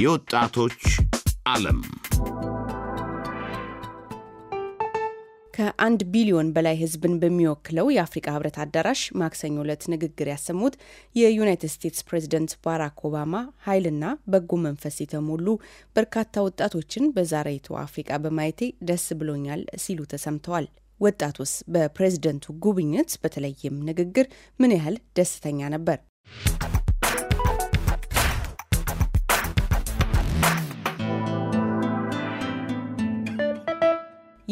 የወጣቶች ዓለም ከአንድ ቢሊዮን በላይ ሕዝብን በሚወክለው የአፍሪካ ህብረት አዳራሽ ማክሰኞ ዕለት ንግግር ያሰሙት የዩናይትድ ስቴትስ ፕሬዝደንት ባራክ ኦባማ ኃይልና በጎ መንፈስ የተሞሉ በርካታ ወጣቶችን በዛሬይቱ አፍሪቃ በማየቴ ደስ ብሎኛል ሲሉ ተሰምተዋል። ወጣቱስ በፕሬዝደንቱ ጉብኝት በተለይም ንግግር ምን ያህል ደስተኛ ነበር?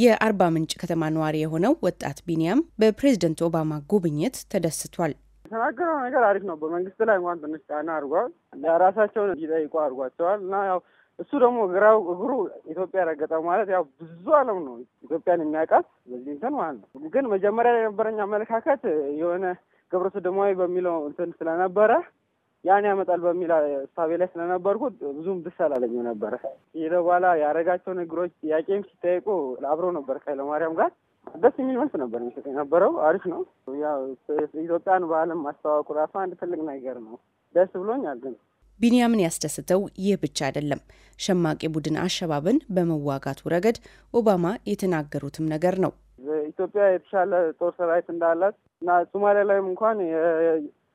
የአርባ ምንጭ ከተማ ነዋሪ የሆነው ወጣት ቢኒያም በፕሬዝደንት ኦባማ ጉብኝት ተደስቷል። የተናገረው ነገር አሪፍ ነው በመንግስት ላይ እንኳን ትንሽ ጫና አድርጓል። ለራሳቸው እንዲጠይቁ አድርጓቸዋል እና ያው እሱ ደግሞ ግራው እግሩ ኢትዮጵያ ረገጠ ማለት ያው ብዙ ዓለም ነው ኢትዮጵያን የሚያውቃት በዚህ እንትን ማለት ነው። ግን መጀመሪያ የነበረኝ አመለካከት የሆነ ግብረ ሰዶማዊ በሚለው እንትን ስለነበረ ያን ያመጣል በሚል እሳቤ ላይ ስለነበርኩ ብዙም ደስ አላለኝም ነበረ። ከሄደ በኋላ ያደረጋቸው ንግሮች ጥያቄም ሲጠየቁ አብሮ ነበር ከኃይለማርያም ጋር ደስ የሚል መልስ ነበር ሚሰጥ ነበረው። አሪፍ ነው። ያው ኢትዮጵያን በዓለም ማስተዋወቁ ራሱ አንድ ትልቅ ነገር ነው። ደስ ብሎኛል ግን ቢንያምን ያስደስተው ይህ ብቻ አይደለም። ሸማቂ ቡድን አሸባብን በመዋጋቱ ረገድ ኦባማ የተናገሩትም ነገር ነው። ኢትዮጵያ የተሻለ ጦር ሰራዊት እንዳላት እና ሶማሊያ ላይም እንኳን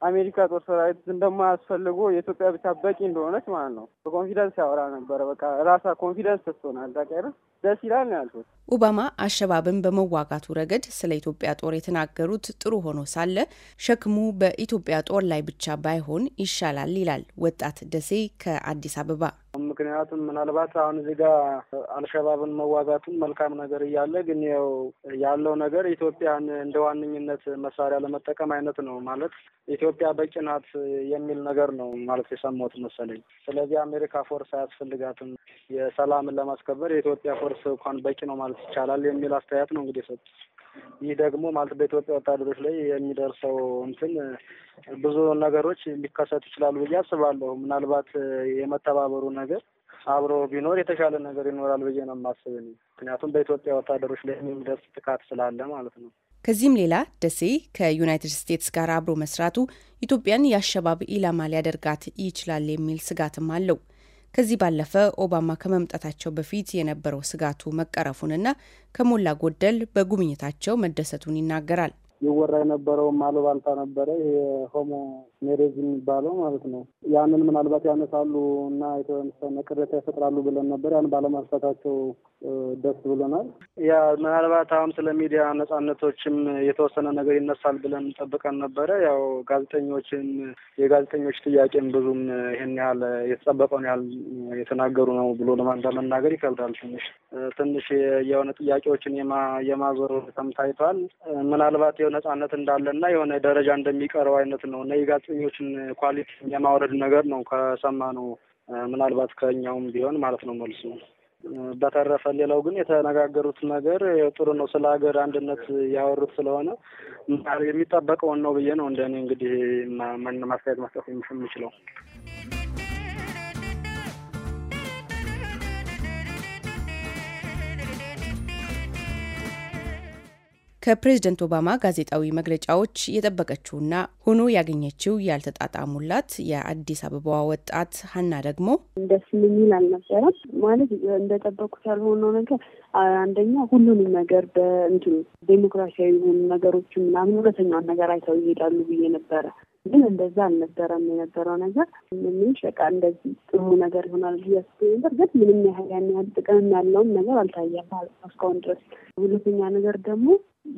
አሜሪካ ጦር ሰራዊት እንደማያስፈልጉ የኢትዮጵያ ብቻ በቂ እንደሆነች ማለት ነው። በኮንፊደንስ ያወራ ነበረ። በቃ ራሳ ኮንፊደንስ ተስሆናል ዳቀር ደስ ይላል ነው ያልኩት። ኦባማ አሸባብን በመዋጋቱ ረገድ ስለ ኢትዮጵያ ጦር የተናገሩት ጥሩ ሆኖ ሳለ ሸክሙ በኢትዮጵያ ጦር ላይ ብቻ ባይሆን ይሻላል ይላል ወጣት ደሴ ከአዲስ አበባ። ምክንያቱም ምናልባት አሁን እዚህ ጋር አልሸባብን መዋጋቱን መልካም ነገር እያለ ግን ያው ያለው ነገር ኢትዮጵያን እንደ ዋነኝነት መሳሪያ ለመጠቀም አይነት ነው ማለት ኢትዮጵያ በቂ ናት የሚል ነገር ነው ማለት የሰማሁት መሰለኝ። ስለዚህ አሜሪካ ፎርስ አያስፈልጋትም፣ የሰላምን ለማስከበር የኢትዮጵያ ፎርስ እንኳን በቂ ነው ማለት ይቻላል የሚል አስተያየት ነው እንግዲህ የሰጡት። ይህ ደግሞ ማለት በኢትዮጵያ ወታደሮች ላይ የሚደርሰው እንትን ብዙ ነገሮች ሊከሰቱ ይችላሉ ብዬ አስባለሁ። ምናልባት የመተባበሩ ነገር አብሮ ቢኖር የተሻለ ነገር ይኖራል ብዬ ነው የማስብ። ምክንያቱም በኢትዮጵያ ወታደሮች ላይ የሚደርስ ጥቃት ስላለ ማለት ነው። ከዚህም ሌላ ደሴ ከዩናይትድ ስቴትስ ጋር አብሮ መስራቱ ኢትዮጵያን የአሸባብ ኢላማ ሊያደርጋት ይችላል የሚል ስጋትም አለው። ከዚህ ባለፈ ኦባማ ከመምጣታቸው በፊት የነበረው ስጋቱ መቀረፉንና ከሞላ ጎደል በጉብኝታቸው መደሰቱን ይናገራል። ይወራ የነበረውም አሉባልታ ነበረ። ሆሞ ሜሬጅ የሚባለው ማለት ነው። ያንን ምናልባት ያነሳሉ እና የተወሰነ ቅሬታ ይፈጥራሉ ብለን ነበር። ያን ባለማንሳታቸው ደስ ብሎናል። ያ ምናልባት አሁን ስለ ሚዲያ ነጻነቶችም የተወሰነ ነገር ይነሳል ብለን ጠብቀን ነበረ። ያው ጋዜጠኞችን የጋዜጠኞች ጥያቄም ብዙም ይህን ያህል የተጠበቀውን ያህል የተናገሩ ነው ብሎ ለመናገር ይከብዳል። ትንሽ ትንሽ የሆነ ጥያቄዎችን የማዞር ተምታይቷል ምናልባት የሆነ ነጻነት እንዳለና የሆነ ደረጃ እንደሚቀረው አይነት ነው እና የጋዜጠኞችን ኳሊቲ የማውረድ ነገር ነው ከሰማ ነው ምናልባት ከእኛውም ቢሆን ማለት ነው መልሱ። በተረፈ ሌላው ግን የተነጋገሩት ነገር ጥሩ ነው። ስለ ሀገር አንድነት ያወሩት ስለሆነ የሚጠበቀውን ነው ብዬ ነው እንደኔ እንግዲህ ማስተያየት መስጠት የምችለው። ከፕሬዝደንት ኦባማ ጋዜጣዊ መግለጫዎች የጠበቀችውና ሆኖ ያገኘችው ያልተጣጣሙላት የአዲስ አበባዋ ወጣት ሀና ደግሞ ደስ የሚል አልነበረም። ማለት እንደጠበቁት ያልሆነው ነገር አንደኛ ሁሉንም ነገር በእንትኑ ዴሞክራሲያዊ የሆኑ ነገሮችን ምናምን ሁለተኛውን ነገር አይተው ይሄዳሉ ብዬ ነበረ ግን እንደዛ አልነበረም። የነበረው ነገር ምንም ሸቃ እንደዚህ ጥሩ ነገር ይሆናል ያስብ ነበር፣ ግን ምንም ያህል ያን ያህል ጥቅም ያለውም ነገር አልታየም እስካሁን ድረስ። ሁለተኛ ነገር ደግሞ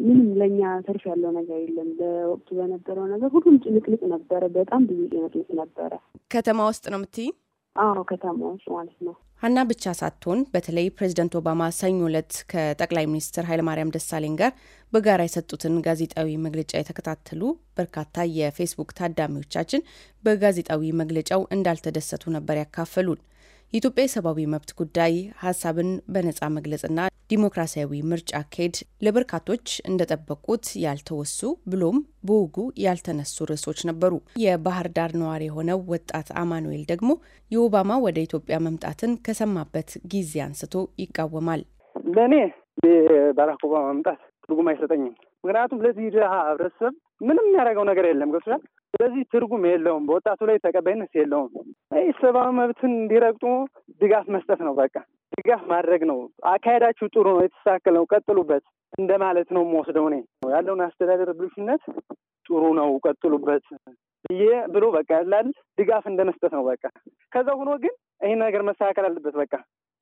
ምንም ለእኛ ተርፍ ያለው ነገር የለም። በወቅቱ በነበረው ነገር ሁሉም ጭንቅንቅ ነበረ፣ በጣም ብዙ ጭንቅንቅ ነበረ። ከተማ ውስጥ ነው የምትይኝ? አዎ ከተማ ውስጥ ማለት ነው። ሀና ብቻ ሳትሆን በተለይ ፕሬዚደንት ኦባማ ሰኞ ዕለት ከጠቅላይ ሚኒስትር ኃይለማርያም ደሳለኝ ጋር በጋራ የሰጡትን ጋዜጣዊ መግለጫ የተከታተሉ በርካታ የፌስቡክ ታዳሚዎቻችን በጋዜጣዊ መግለጫው እንዳልተደሰቱ ነበር ያካፈሉን። የኢትዮጵያ የሰብአዊ መብት ጉዳይ ሀሳብን በነጻ መግለጽና ዲሞክራሲያዊ ምርጫ አካሄድ ለበርካቶች እንደጠበቁት ያልተወሱ ብሎም በወጉ ያልተነሱ ርዕሶች ነበሩ። የባህር ዳር ነዋሪ የሆነው ወጣት አማኑኤል ደግሞ የኦባማ ወደ ኢትዮጵያ መምጣትን ከሰማበት ጊዜ አንስቶ ይቃወማል። ለእኔ የባራክ ኦባማ መምጣት ትርጉም አይሰጠኝም። ምክንያቱም ለዚህ ድሃ ህብረተሰብ ምንም የሚያደርገው ነገር የለም። ገብቶሻል? ስለዚህ ትርጉም የለውም። በወጣቱ ላይ ተቀባይነት የለውም። ሰብአዊ መብትን እንዲረግጡ ድጋፍ መስጠት ነው። በቃ ድጋፍ ማድረግ ነው። አካሄዳችሁ ጥሩ ነው፣ የተስተካከለ ነው፣ ቀጥሉበት እንደማለት ነው የምወስደው ኔ ያለውን አስተዳደር ብልሽነት ጥሩ ነው፣ ቀጥሉበት ብዬ ብሎ በቃ ላል ድጋፍ እንደመስጠት ነው። በቃ ከዛ ሆኖ ግን ይህን ነገር መስተካከል አለበት። በቃ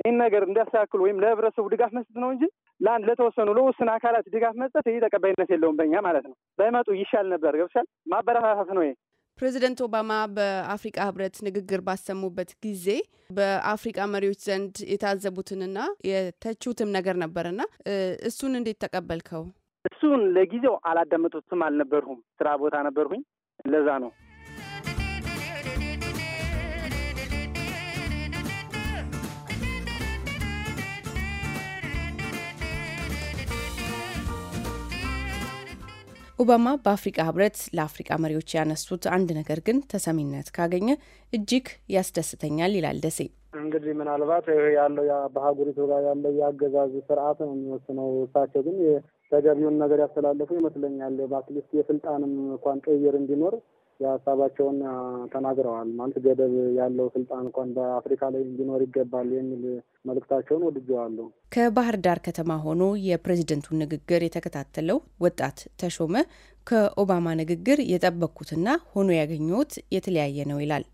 ይህን ነገር እንዲያስተካክሉ ወይም ለህብረተሰቡ ድጋፍ መስጠት ነው እንጂ ለአንድ ለተወሰኑ ለውስን አካላት ድጋፍ መስጠት ይህ ተቀባይነት የለውም በኛ ማለት ነው። በመጡ ይሻል ነበር። ገብሻል። ማበረታታት ነው ፕሬዚደንት ኦባማ በአፍሪቃ ህብረት ንግግር ባሰሙበት ጊዜ በአፍሪቃ መሪዎች ዘንድ የታዘቡትንና የተቹትም ነገር ነበርና እሱን እንዴት ተቀበልከው? እሱን ለጊዜው አላዳመጡትም፣ አልነበርሁም። ስራ ቦታ ነበርሁኝ። ለዛ ነው ኦባማ በአፍሪቃ ህብረት ለአፍሪቃ መሪዎች ያነሱት አንድ ነገር ግን ተሰሚነት ካገኘ እጅግ ያስደስተኛል ይላል ደሴ። እንግዲህ ምናልባት ያለው በሀገሪቱ ጋር ያለው የአገዛዝ ስርዓት ነው የሚወስነው። እሳቸው ግን ተገቢውን ነገር ያስተላለፉ ይመስለኛል። በአትሊስት የስልጣንም እንኳን ቅይር እንዲኖር የሀሳባቸውን ተናግረዋል። ማለት ገደብ ያለው ስልጣን እንኳን በአፍሪካ ላይ እንዲኖር ይገባል የሚል መልእክታቸውን ወድጀዋሉ። ከባህር ዳር ከተማ ሆኖ የፕሬዝደንቱን ንግግር የተከታተለው ወጣት ተሾመ ከኦባማ ንግግር የጠበቅኩትና ሆኖ ያገኘሁት የተለያየ ነው ይላል።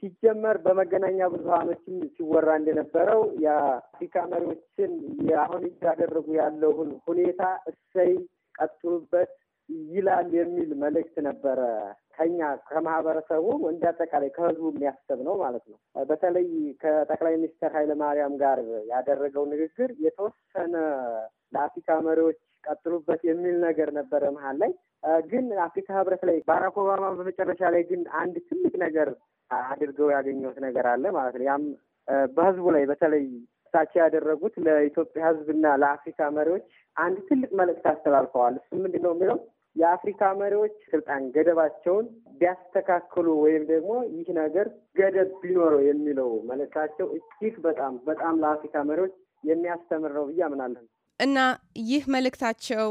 ሲጀመር በመገናኛ ብዙኃኖችም ሲወራ እንደነበረው የአፍሪካ መሪዎችን አሁን እያደረጉ ያለውን ሁኔታ እሰይ ቀጥሉበት ይላል የሚል መልእክት ነበረ ከኛ ከማህበረሰቡ እንደ አጠቃላይ ከህዝቡ የሚያስብ ነው ማለት ነው። በተለይ ከጠቅላይ ሚኒስትር ኃይለማርያም ጋር ያደረገው ንግግር የተወሰነ ለአፍሪካ መሪዎች ቀጥሉበት የሚል ነገር ነበረ መሀል ላይ ግን አፍሪካ ህብረት ላይ ባራክ ኦባማ በመጨረሻ ላይ ግን አንድ ትልቅ ነገር አድርገው ያገኘሁት ነገር አለ ማለት ነው። ያም በህዝቡ ላይ በተለይ እሳቸው ያደረጉት ለኢትዮጵያ ህዝብና ለአፍሪካ መሪዎች አንድ ትልቅ መልእክት አስተላልፈዋል። እሱ ምንድን ነው የሚለው የአፍሪካ መሪዎች ስልጣን ገደባቸውን ቢያስተካክሉ ወይም ደግሞ ይህ ነገር ገደብ ቢኖረው የሚለው መልእክታቸው እጅግ በጣም በጣም ለአፍሪካ መሪዎች የሚያስተምር ነው ብዬ አምናለሁ። እና ይህ መልእክታቸው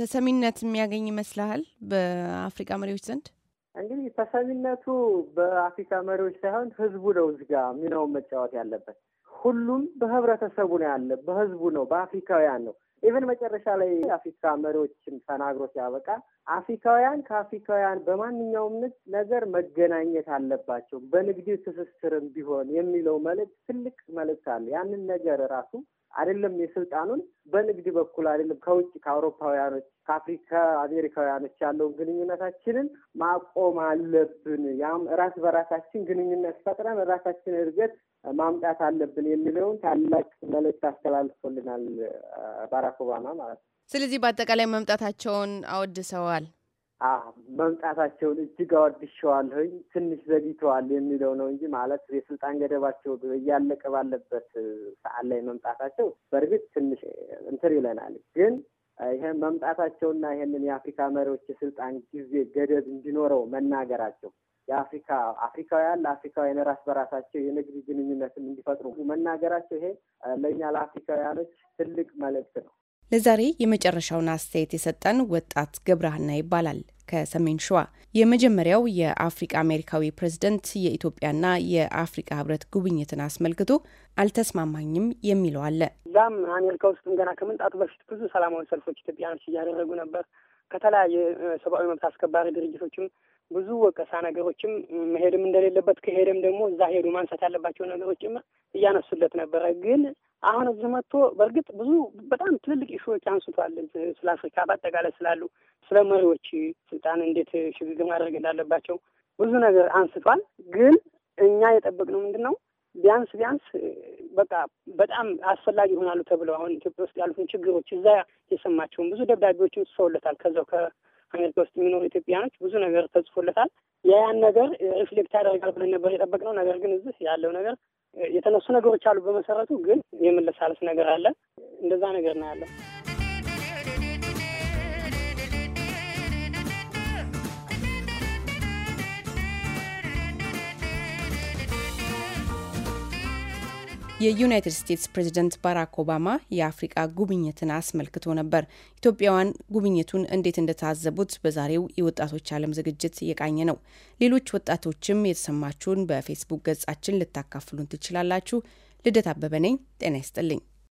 ተሰሚነት የሚያገኝ ይመስልሃል በአፍሪካ መሪዎች ዘንድ? እንግዲህ ተሰሚነቱ በአፍሪካ መሪዎች ሳይሆን ህዝቡ ነው እዚህ ጋ ሚናውን መጫወት ያለበት። ሁሉም በህብረተሰቡ ነው ያለ፣ በህዝቡ ነው፣ በአፍሪካውያን ነው። ኢቨን መጨረሻ ላይ የአፍሪካ መሪዎችን ተናግሮ ሲያበቃ አፍሪካውያን ከአፍሪካውያን በማንኛውም ነገር መገናኘት አለባቸው፣ በንግድ ትስስርም ቢሆን የሚለው መልእክት ትልቅ መልእክት አለ። ያንን ነገር ራሱ አይደለም የስልጣኑን በንግድ በኩል አይደለም ከውጭ ከአውሮፓውያኖች ከአፍሪካ አሜሪካውያኖች ያለውን ግንኙነታችንን ማቆም አለብን። ያም ራስ በራሳችን ግንኙነት ፈጥረን ራሳችን እድገት ማምጣት አለብን የሚለውን ታላቅ መልእክት አስተላልፎልናል ባራክ ኦባማ ማለት ነው። ስለዚህ በአጠቃላይ መምጣታቸውን አወድሰዋል። መምጣታቸውን እጅግ አወድሸዋለሁኝ። ትንሽ ዘግይተዋል የሚለው ነው እንጂ ማለት የስልጣን ገደባቸው እያለቀ ባለበት ሰዓት ላይ መምጣታቸው በእርግጥ ትንሽ እንትር ይለናል። ግን ይህ መምጣታቸውና ይሄንን የአፍሪካ መሪዎች የስልጣን ጊዜ ገደብ እንዲኖረው መናገራቸው የአፍሪካ አፍሪካውያን ለአፍሪካውያን ራስ በራሳቸው የንግድ ግንኙነትን እንዲፈጥሩ መናገራቸው ይሄ ለእኛ ለአፍሪካውያኖች ትልቅ መልእክት ነው። ለዛሬ የመጨረሻውን አስተያየት የሰጠን ወጣት ገብረሃና ይባላል። ከሰሜን ሸዋ የመጀመሪያው የአፍሪቃ አሜሪካዊ ፕሬዝደንት የኢትዮጵያና የአፍሪቃ ህብረት ጉብኝትን አስመልክቶ አልተስማማኝም የሚለው አለ። እዛም አሜሪካ ውስጥም ገና ከመምጣቱ በፊት ብዙ ሰላማዊ ሰልፎች ኢትዮጵያኖች እያደረጉ ነበር። ከተለያየ ሰብአዊ መብት አስከባሪ ድርጅቶችም ብዙ ወቀሳ ነገሮችም መሄድም እንደሌለበት ከሄደም ደግሞ እዛ ሄዱ ማንሳት ያለባቸው ነገሮች ጭምር እያነሱለት ነበረ። ግን አሁን እዚህ መጥቶ በእርግጥ ብዙ በጣም ትልልቅ ኢሹዎች አንስቷል። ስለ አፍሪካ በአጠቃላይ ስላሉ ስለ መሪዎች ስልጣን እንዴት ሽግግር ማድረግ እንዳለባቸው ብዙ ነገር አንስቷል። ግን እኛ የጠበቅነው ምንድን ነው ቢያንስ ቢያንስ በቃ በጣም አስፈላጊ ይሆናሉ ተብለው አሁን ኢትዮጵያ ውስጥ ያሉትን ችግሮች እዛ የሰማቸውን ብዙ ደብዳቤዎችም ጽፈውለታል። ከዛው ከአሜሪካ ውስጥ የሚኖሩ ኢትዮጵያኖች ብዙ ነገር ተጽፎለታል። ያን ነገር ሪፍሌክት ያደርጋል ብለን ነበር የጠበቅነው። ነገር ግን እዚህ ያለው ነገር የተነሱ ነገሮች አሉ በመሰረቱ ግን የመለሳለስ ነገር አለ። እንደዛ ነገር ነው ያለው። የዩናይትድ ስቴትስ ፕሬዚደንት ባራክ ኦባማ የአፍሪቃ ጉብኝትን አስመልክቶ ነበር። ኢትዮጵያውያን ጉብኝቱን እንዴት እንደታዘቡት በዛሬው የወጣቶች ዓለም ዝግጅት የቃኘ ነው። ሌሎች ወጣቶችም የተሰማችሁን በፌስቡክ ገጻችን ልታካፍሉን ትችላላችሁ። ልደት አበበ ነኝ። ጤና ይስጥልኝ።